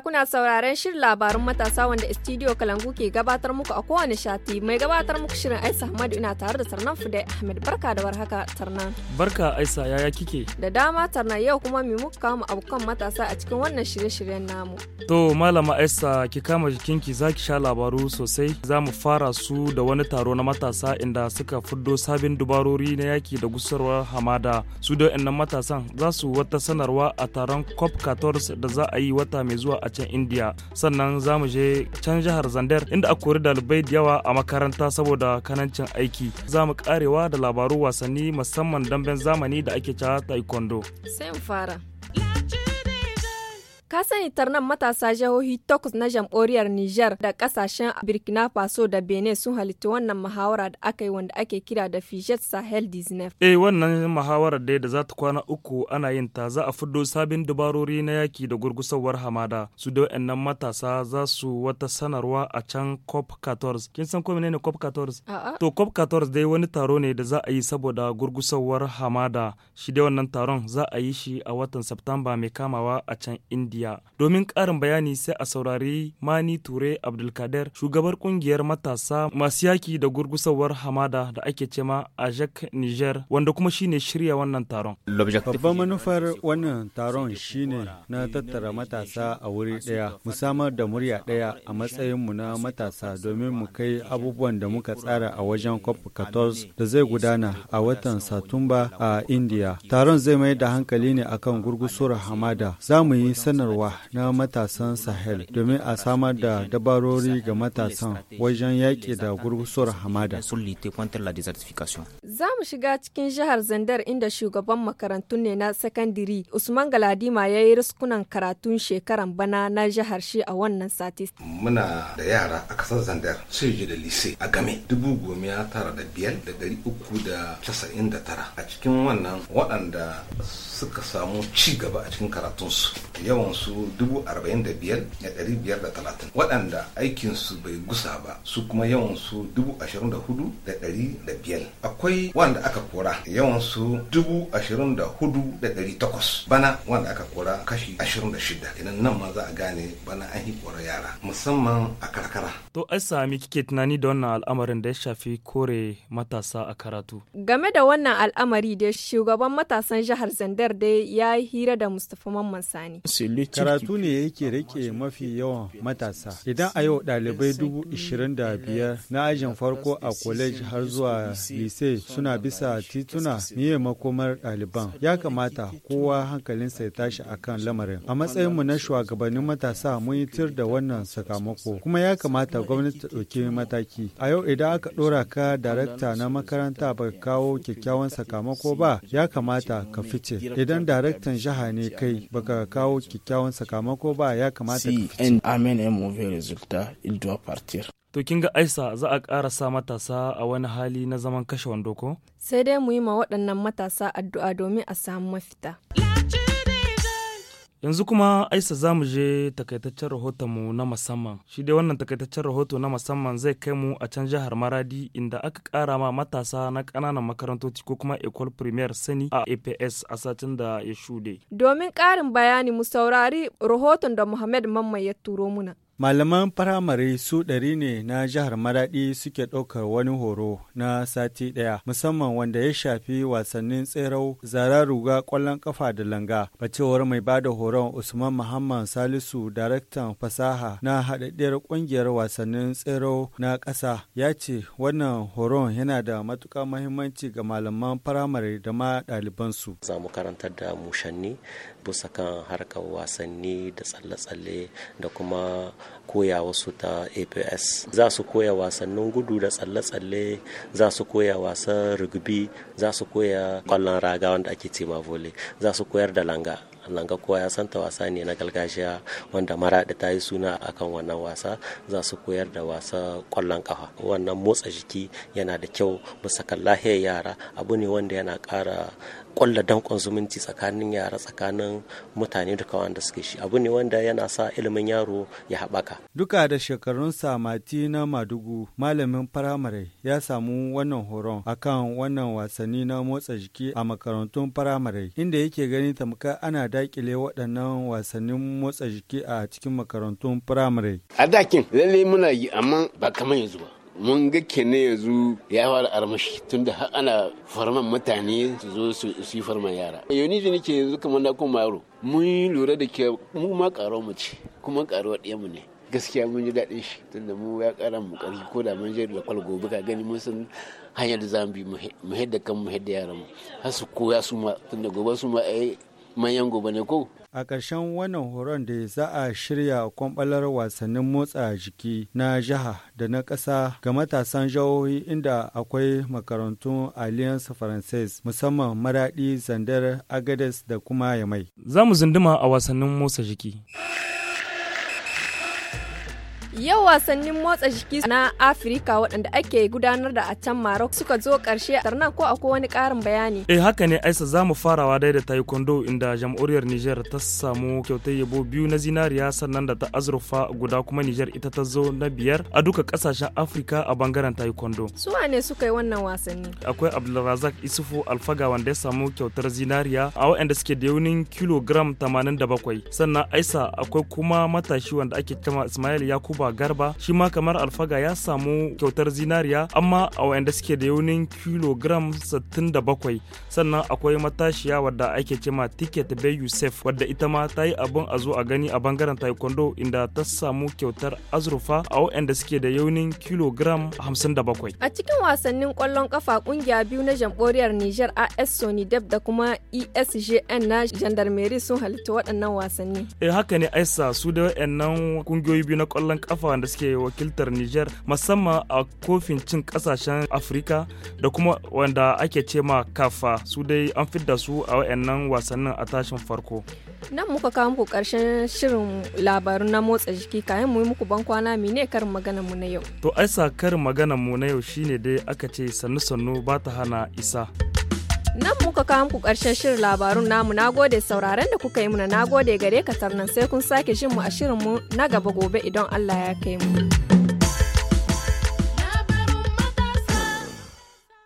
kuna sauraren shirin labarun matasa wanda studio Kalangu ke gabatar muku a kowane shati mai gabatar muku shirin Aisa Ahmadu ina tare da Tarnan Fude Ahmed barka da warhaka Tarnan. Barka Aisa yaya kike? Da dama Tarnan yau kuma mu muka kama abokan matasa a cikin wannan shirye-shiryen namu. To malama Aisa ki kama jikinki zaki sha labaru sosai za mu fara su da wani taro na matasa inda suka fiddo sabin dubarori na yaki da gusarwar hamada su da matasan za su wata sanarwa a taron COP 14 da za a yi wata mai zuwa a can indiya sannan za mu je can jihar zandar inda a kori dalibai da yawa a makaranta saboda kanancin aiki za mu karewa da labaru wasanni musamman damben zamani da ake cewa taekwondo sai mu fara Ka sani tarnan matasa jihohi takwas na jamhuriyar Nijar da kasashen Burkina Faso da Benin sun halitta wannan muhawara da aka yi wanda ake kira da Fijet Sahel Disney. Eh wannan muhawarar dai da za ta kwana uku ana yin ta za a fiddo sabin dabarori na yaki da gurgusawar hamada. Su da wayannan matasa za su wata sanarwa a can COP 14. Kin san ko menene COP 14? To COP 14 dai wani taro ne da za a yi saboda gurgusawar hamada. Shi dai wannan taron za a yi shi a watan Satumba mai kamawa a can India. domin ƙarin bayani sai a saurari mani ture abdulkader shugabar ƙungiyar matasa masu yaki da gurgusawar hamada da ake cema ajak niger wanda kuma shine shirya wannan taron babban manufar wannan taron shine na tattara matasa a wuri ɗaya mu samar da murya ɗaya a matsayinmu na matasa domin mu kai abubuwan da muka tsara a wajen cop 14 da zai gudana a watan satumba a india taron zai mai da hankali ne akan gurgusuwar hamada za mu yi sanar sanarwa na matasan Sahel domin a samar da dabarori ga matasan wajen yaƙi da gurgusuwar hamada. Za mu shiga cikin jihar Zandar inda shugaban makarantun ne na sakandiri Usman Galadima ya yi riskunan karatun shekaran bana na jihar shi a wannan sati. Muna da yara a kasar Zandar sai ji da lise a game dubu goma tara da biyar da dari uku da casa'in da tara a cikin wannan waɗanda suka samu ci gaba a cikin karatunsu yawan su dubu arba'in da biyar da ɗari biyar da talatin waɗanda aikinsu bai gusa ba su kuma yawan su dubu ashirin da hudu da ɗari da biyar akwai wanda aka kora yawan su dubu ashirin da hudu da ɗari takwas bana wanda aka kora kashi ashirin da shida idan nan ma za a gane bana an yi kora yara musamman a karkara. to ai sami kike tunani da wannan al'amarin da ya shafi kore matasa a karatu. game da wannan al'amari da shugaban matasan jihar zandar dai ya hira da mustapha mamman sani. Karatu ne yake rike mafi yawan matasa. Idan a yau dalibai dubu ishirin da biyar na ajin farko a college har zuwa lise suna bisa tituna niyyar makomar daliban, Ya kamata kowa hankalinsa ya tashi a kan lamarin. A matsayinmu na shugabannin matasa mun yi tir da wannan sakamako. Kuma ya kamata gwamnati ta ɗauki mataki. A yau idan aka ɗora ka darakta na makaranta ba kawo kyakkyawan sakamako ba ya kamata ka fice. Idan daraktan jiha ne kai baka kawo kyakkyawan kyakkyawan sakamako ba ya kamata To kin ga Aisa za a ƙara sa matasa a wani hali na zaman kashe wando ko? Sai dai mu yi ma waɗannan matasa addu'a domin a samu mafita. Yanzu kuma Aisa za mu je takaitaccen mu na musamman. Shi dai wannan takaitaccen rahoto na musamman zai kai mu a can jihar Maradi inda aka kara ma matasa na ƙananan makarantoci ko kuma Ecole Premier sani a APS a satin da ya shuɗe. Domin ƙarin bayani mu saurari rahoton da Muhammad Mamman ya turo muna. Malaman firamare su ɗari ne na jihar Maraɗi suke ɗaukar wani horo na sati ɗaya, musamman wanda ya shafi wasannin tserau, zara ruga, ƙwallon ƙafa da langa. Bacewar mai ba da horon Usman Muhammad Salisu, daraktan fasaha na haɗaɗɗiyar ƙungiyar wasannin tserau na ƙasa, ya ce wannan horon yana da matuƙar mahimmanci ga malaman firamare da ma ɗalibansu. Za mu karanta da mushanni bisa kan harkar wasanni da tsalle-tsalle da kuma koya wasu ta APS za su koya wasannin gudu da tsalle-tsalle za su koya wasan rugby za su koya kwallon raga wanda ake ce ma vole za su koyar da langa langa kowa ya santa wasa ne na gargajiya wanda maraɗi ta yi suna akan wannan wasa za su koyar da wasa kwallon kafa wannan motsa jiki yana da kyau bisa kan lahiyar yara abu ne wanda yana ƙara kwalla dankon zumunci tsakanin yara tsakanin mutane duka wanda suke shi abu ne wanda yana sa ilimin yaro ya haɓaka duka da shekarun samati na madugu malamin firamare ya samu wannan horon akan wannan wasanni na motsa jiki a makarantun firamare inda yake gani tamka ana dakile waɗannan wasannin motsa jiki a cikin makarantun firamare a dakin lalle muna yi amma ba kamar yanzu ba mun ga kene yanzu ya fara armashi tunda har ana farman mutane su zo su yi farman yara yoni ji nake yanzu kamar na kuma yaro mun lura da ke mu ma karo mu ce kuma karo mu ne gaskiya mun ji daɗin shi tunda mu ya ƙara mu ƙarfi ko da mun je da kwal gobe ka gani mun san hanyar da za mu bi mu hidda kan mu hidda yaran mu har su koya su ma tunda gobe su ma ai eh, manyan gobe ne ko a ƙarshen wannan horon da za a shirya kwamɓalar wasannin motsa jiki na jiha da na ƙasa ga matasan jihohi inda akwai makarantun alliance française musamman maraɗi zandar agades da kuma yamai za mu zunduma a wasannin motsa jiki Yau wasannin motsa jiki na Afirka waɗanda ake gudanar da a can marok suka zo ƙarshe nan ko akwai wani ƙarin bayani. Eh haka ne Aisa za mu farawa dai da taekwondo inda jam'uriyar nijar ta samu kyautar yabo biyu na zinariya sannan da ta azurfa guda kuma nijar ita ta zo na biyar a duka ƙasashen Afirka a bangaren taekwondo. Su ne suka yi wannan wasanni? Akwai Abdulrazak Isufu Alfaga wanda ya samu kyautar zinariya a waɗanda suke da yaunin kilogram bakwai sannan Aisa akwai kuma matashi wanda ake kama Ismail Yakuba alfa garba shi ma kamar alfaga ya samu kyautar zinariya amma a wayanda suke da yaunin kilogram 67 sannan akwai matashiya wadda ake cema ticket bay yusuf wadda ita ma ta yi abin a zo a gani a bangaren taekwondo inda ta samu kyautar azurfa a wayanda suke da yaunin kilogram 57 a cikin wasannin kwallon kafa kungiya biyu na jamhuriyar niger as sonidep da kuma esjn na gendarmerie sun halitta waɗannan wasanni eh haka ne aisa su da wayannan kungiyoyi biyu na kwallon kafa kafa da suke wakiltar Niger musamman a kofin cin kasashen Afirka da kuma wanda ake ce ma kafa su dai an fidda su a wayannan wasannin a tashin farko. Nan muka kawo muku karshen shirin labarun na motsa jiki kayan mu muku ban kwana mene karin magana mu na yau. To aisa karin magana mu na yau shine dai aka ce sannu sannu ba ta hana isa. Nan muka kawo muku ƙarshen shirin labarun namu na gode sauraron da kuka yi muna na gode gare ka nan sai kun sake jin mu a mu na gaba gobe idan Allah ya kai mu.